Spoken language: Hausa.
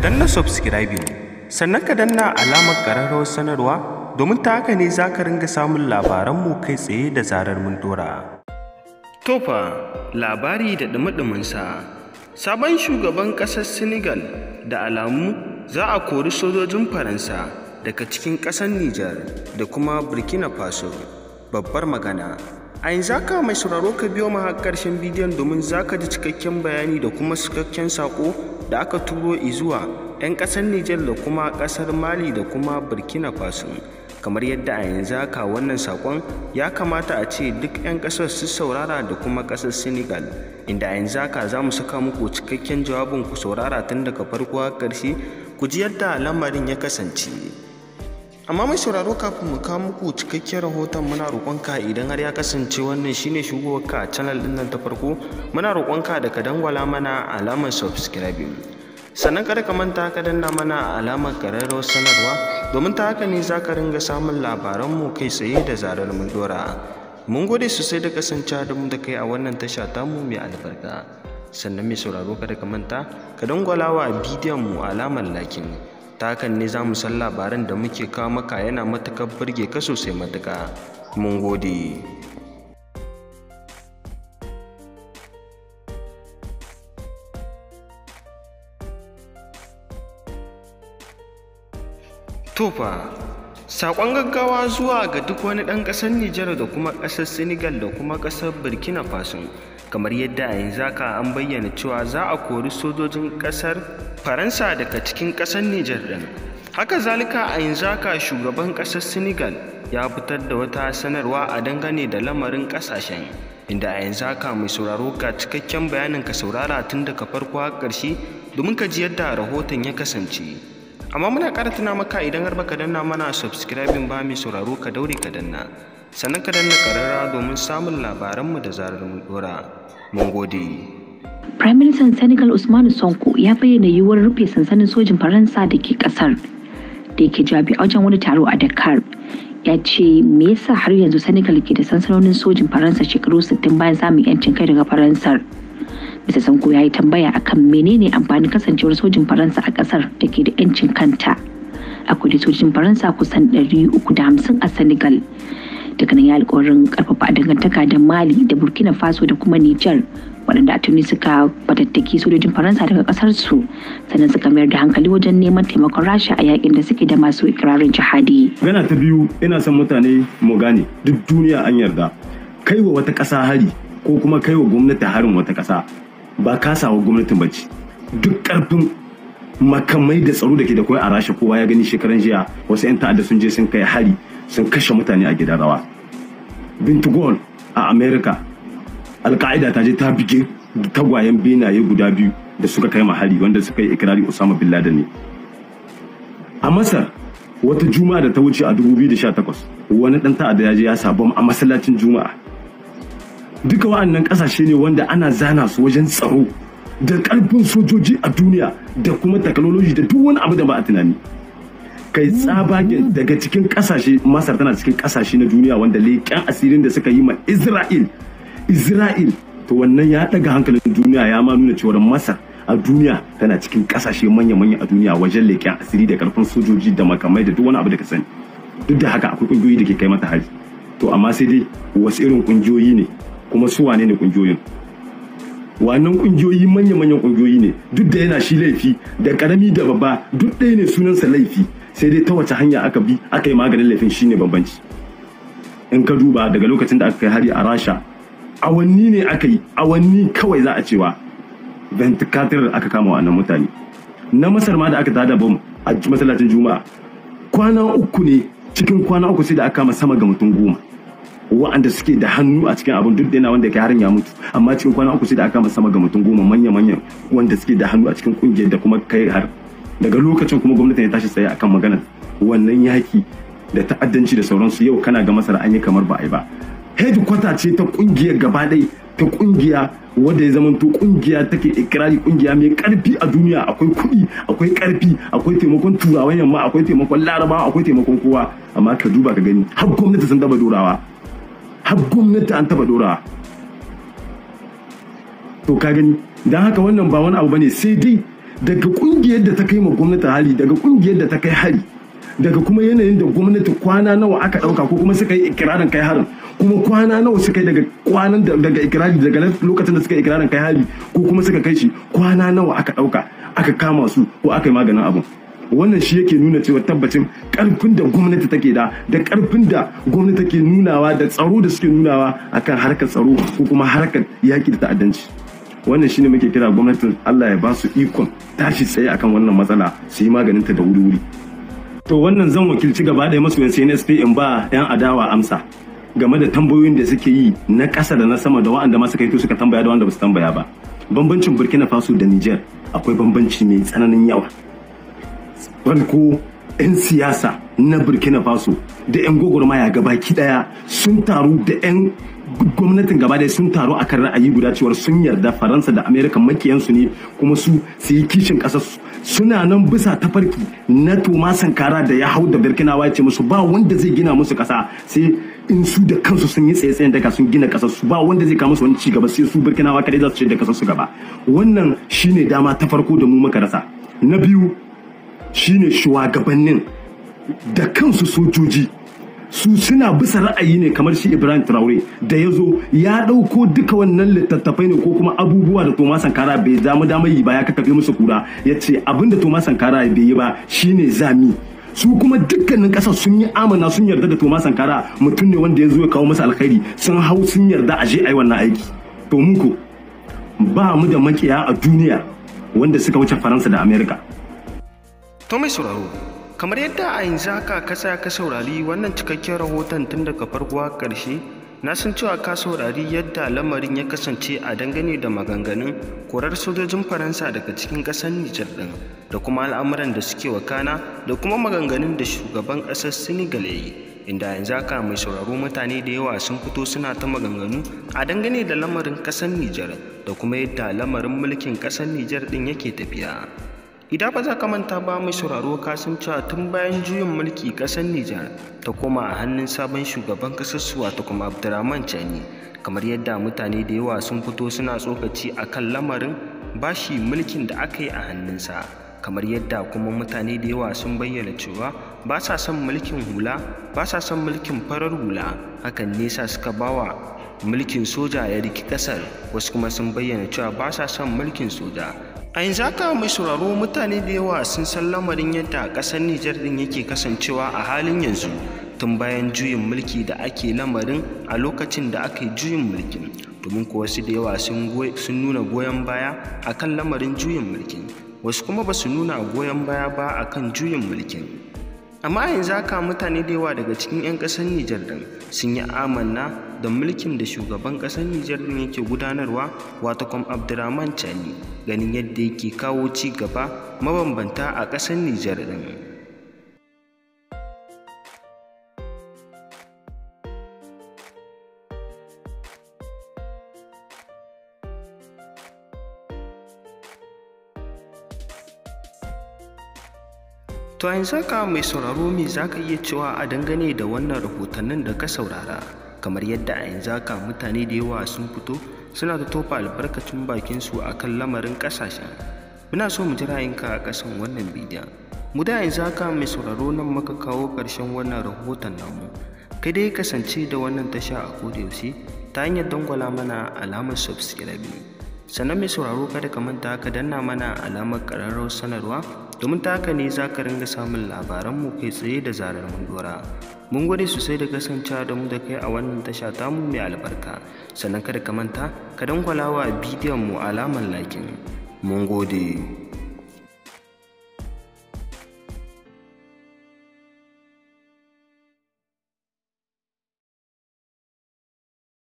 danna subscribing sannan ka danna alamar ƙararrawar sanarwa domin ta haka ne za ka ringa samun labaranmu kai tsaye da zarar mun dora. Tofa labari da ɗumi sa sabon shugaban ƙasar Senegal da alamu za a kori sojojin Faransa daga cikin ƙasar Nijar da kuma Burkina Faso babbar magana. A yanzu haka mai sauraro ka biyo mu har ƙarshen bidiyon domin za ka ji cikakken bayani da kuma cikakken saƙo da aka turo izuwa 'yan kasar Nijar da kuma kasar Mali da kuma Burkina Faso. Kamar yadda a yanzu haka wannan saƙon ya kamata a ce duk 'yan ƙasar su saurara da kuma ƙasar Senegal. Inda a yanzu haka za mu saka muku cikakken jawabin ku saurara tun daga farko har ƙarshe ku ji yadda lamarin ya kasance. amma mai sauraro kafin mu kawo muku cikakken rahoton muna roƙonka idan har ya kasance wannan shine shigowarka a channel din nan ta farko muna roƙonka da ka dangwala mana alamar subscribing sannan kada ka manta ka danna mana alamar ƙararrawar sanarwa domin ta haka ne za ka ringa samun labaranmu kai tsaye da zarar mun dora mun gode sosai da kasance da mu da kai a wannan tasha tamu mai albarka sannan mai sauraro kada ka manta ka dangwala wa bidiyon mu alamar lakin Takan ne za mu san labaran da muke kawo maka yana matukar burge ka sosai matuka, mun gode tufa Saƙon gaggawa zuwa ga duk wani ɗan ƙasar Nijar da kuma ƙasar Senegal da kuma ƙasar Burkina Faso. Kamar yadda a yanzu haka an bayyana cewa za a kori sojojin ƙasar Faransa daga cikin ƙasar Nijar ɗin. Haka zalika a yanzu haka shugaban ƙasar Senegal ya fitar da wata sanarwa a dangane da lamarin ƙasashen. Inda a yanzu haka mai sauraro ga cikakken bayanin ka saurara tun daga farko har ƙarshe domin ka ji yadda rahoton ya kasance. amma muna ƙara tuna maka idan har baka danna mana subscribing ba mai sauraro ka daure ka danna sannan ka danna ƙararra domin samun labaranmu da zarar mun dora mun gode Prime Minister Senegal Usmanu Sonko ya bayyana yiwuwar rufe sansanin sojin Faransa da ke kasar da yake jabi a wajen wani taro a Dakar. Ya ce me yasa har yanzu Senegal ke da sansanonin sojin Faransa shekaru 60 bayan samun yancin kai daga Faransar. bisa sanko ya yi tambaya akan menene amfanin kasancewar sojin faransa a kasar da ke da 'yancin kanta akwai sojin faransa kusan 350 a senegal daga nan ya alƙawarin karfafa dangantaka da mali da burkina faso da kuma nijar waɗanda a tuni suka fatattaki sojojin faransa daga ƙasar su sannan suka mayar da hankali wajen neman taimakon rasha a yakin da suke da masu ikirarin jihadi gana ta biyu ina son mutane mu gane duk duniya an yarda kai wa wata ƙasa hari ko kuma kai wa gwamnati harin wata ƙasa ba ka kasawa gwamnatin ba duk ƙarfin makamai da tsaro da ke da kwai a rasha kowa ya gani shekaran jiya wasu 'yan ta'adda sun je sun kai hari sun kashe mutane a gidan rawa bintigol a america alka'ida ta je ta bige tagwayen benaye guda biyu da suka kai hari wanda suka yi ikirari usama bin laden ne a masar wata juma'a da ta wuce a 2018 wani dan ta'adda ya je ya sabon a masallacin juma'a duka wa'annan kasashe ne wanda ana zana su wajen tsaro da karfin sojoji a duniya da kuma technology da duk wani abu da ba a tunani kai tsaba daga cikin kasashe masar tana cikin kasashe na duniya wanda leƙen asirin da suka yi ma isra'il isra'il to wannan ya daga hankalin duniya ya ma nuna cewar masar a duniya tana cikin kasashe manya-manya a duniya wajen leƙen asiri da karfin sojoji da makamai da duk wani abu da ka sani duk da haka akwai kungiyoyi da ke kai mata hari to amma sai dai wasu irin kungiyoyi ne kuma su wane ne kungiyoyin wannan kungiyoyi manya-manyan kungiyoyi ne duk da yana shi laifi da karami da babba duk ɗaya ne sunansa laifi sai dai ta wace hanya aka bi aka yi maganin laifin shine bambanci in ka duba daga lokacin da aka kai hari a rasha awanni ne aka yi awanni kawai za a cewa da aka kama wannan mutane na masar ma da aka tada bom a masallacin juma'a kwana uku ne cikin kwana uku sai da aka kama sama ga mutum goma wa'anda suke da hannu a cikin abin duk da yana wanda kai harin ya mutu amma cikin kwana uku sai da aka sama ga mutum goma manya-manyan wanda suke da hannu a cikin kungiyar da kuma kai har daga lokacin kuma gwamnati ne tashi tsaye akan maganar wannan yaki da ta'addanci da sauransu yau kana ga masara an yi kamar ba a yi ba headquarter ce ta kungiyar gaba ɗaya ta kungiya wadda ya zamanto kungiya take ikirari kungiya mai karfi a duniya akwai kuɗi akwai karfi akwai taimakon turawan yamma akwai taimakon larabawa akwai taimakon kowa amma ka duba ka gani har gwamnati sun daba dorawa har gwamnati an taba dorawa to ka gani don haka wannan ba wani abu bane sai dai daga kungiyar da ta kai ma gwamnati hali daga kungiyar da ta kai hari daga kuma yanayin da gwamnati kwana nawa aka dauka ko kuma suka yi ikirarin kai harin kuma kwana nawa suka yi daga kwanan daga ikirari daga lokacin da suka yi ikirarin kai hari ko kuma suka kai shi kwana nawa aka dauka aka kama su ko aka yi maganin abu. wannan shi yake nuna cewa tabbacin karfin da gwamnati take da da karfin da gwamnati take nunawa da tsaro da suke nunawa akan harkar tsaro ko kuma harkar yaƙi da ta'addanci wannan shine muke kira gwamnatin Allah ya ba su ikon tashi tsaye akan wannan matsala su yi maganin ta da wuri-wuri to wannan zan wakilci gaba ɗaya masoyan CNSP in ba 'yan adawa amsa game da tambayoyin da suke yi na ƙasa da na sama da wa'anda ma suka yi to suka tambaya da wanda ba su tambaya ba bambancin burkina faso da niger akwai bambanci mai tsananin yawa ranko 'yan siyasa na burkina faso da 'yan gwagwarmaya gabaki daya sun taru da 'yan gwamnatin gaba da sun taru a kan ra'ayi guda cewar sun yarda faransa da amerika makiyansu ne kuma su su yi kishin kasar suna nan bisa ta farki na toma sankara da ya hau da birkinawa ya ce musu ba wanda zai gina musu kasa sai in su da kansu sun yi tsaye-tsayen daga sun gina kasar su ba wanda zai kama musu wani cigaba sai su birkinawa kaɗai za su ce da kasar su gaba wannan shine dama ta farko da mu muka rasa na biyu shine shugabannin da kansu sojoji su suna bisa ra'ayi ne kamar shi ibrahim traore da ya zo ya ɗauko duka wannan littattafai ne ko kuma abubuwa da thomas sankara bai damu damayi ba ya kakaɓe musu kura ya ce abinda thomas sankara bai yi ba shi shine zami su kuma dukkanin kasar sun yi amana sun yarda da thomas sankara mutum ne wanda ya zo ya kawo masa alkhairi sun hau sun yarda a je a yi wannan aiki to muku ba mu da makiya a duniya wanda suka wuce faransa da amerika To mai sauraro, kamar yadda a yanzu haka ka sa ka saurari wannan cikakken rahoton tun daga farko har ƙarshe, na san cewa ka saurari yadda lamarin ya kasance a dangane da maganganun korar sojojin Faransa daga cikin ƙasar Nijar ɗin, da kuma al'amuran da suke wakana da kuma maganganun da shugaban ƙasar Senegal ya yi. Inda yanzu haka mai sauraro mutane da yawa sun fito suna ta maganganu a dangane da lamarin ƙasar Nijar da kuma yadda lamarin mulkin ƙasar Nijar ɗin yake tafiya. Idan ba za ka manta ba mai sauraro ka sun cewa tun bayan juyin mulki kasar Nijar ta koma a hannun sabon shugaban kasar ta ta kuma Abdurrahman Chani kamar yadda mutane da yawa sun fito suna tsokaci a kan lamarin bashi mulkin da aka yi a hannunsa kamar yadda kuma mutane da yawa sun bayyana cewa ba sa son mulkin hula ba sa son mulkin farar hula hakan nesa suka bawa mulkin soja ya riki ƙasar wasu kuma sun bayyana cewa ba sa son mulkin soja a yanzu haka mai sauraro mutane da yawa sun san lamarin yadda ƙasar nijar din yake kasancewa a halin yanzu tun bayan juyin mulki da ake lamarin a lokacin da aka yi juyin mulkin domin kuwa wasu da yawa sun nuna goyon baya akan lamarin juyin mulki, wasu kuma ba su nuna goyon baya ba akan juyin mulkin amma yanzu haka mutane da yawa daga cikin 'yan ƙasar Nijar din sun yi amanna da mulkin da shugaban ƙasar Nijar din yake gudanarwa wata kwam Abdurrahman Chani ganin yadda yake kawo ci gaba mabambanta a ƙasar Nijar din. To yanzu haka mai sauraro me za ka iya cewa a dangane da wannan rahotannin da ka saurara kamar yadda a yanzu mutane da yawa sun fito suna da tofa albarkacin bakinsu a kan lamarin ƙasashen. Muna so mu ji ra'ayinka a kasan wannan bidiyon. Mu da yanzu haka mai sauraro nan muka kawo ƙarshen wannan rahoton namu. Kai dai kasance da wannan tasha a kodayaushe ta hanyar dangwala mana alamar subscribe. sannan mai sauraro kada ka manta ka danna mana alamar ƙararrawar sanarwa domin ta haka ne za ka ringa samun labaran mu kai tsaye da zarar mun dora mun gode sosai da kasancewa da mu da kai a wannan tasha tamu mai albarka sannan kada ka manta ka dangwala wa bidiyon mu alamar lakin mun gode